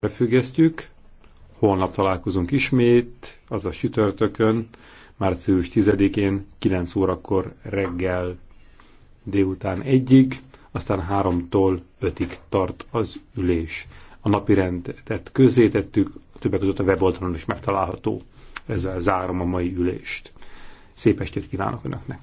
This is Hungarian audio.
befüggesztjük. Holnap találkozunk ismét, az a sütörtökön, március 10-én 9 órakor reggel délután egyig, aztán 3-tól 5-ig tart az ülés. A napi rendet közzétettük, többek között a weboldalon is megtalálható. Ezzel zárom a mai ülést. Szép estét kívánok Önöknek!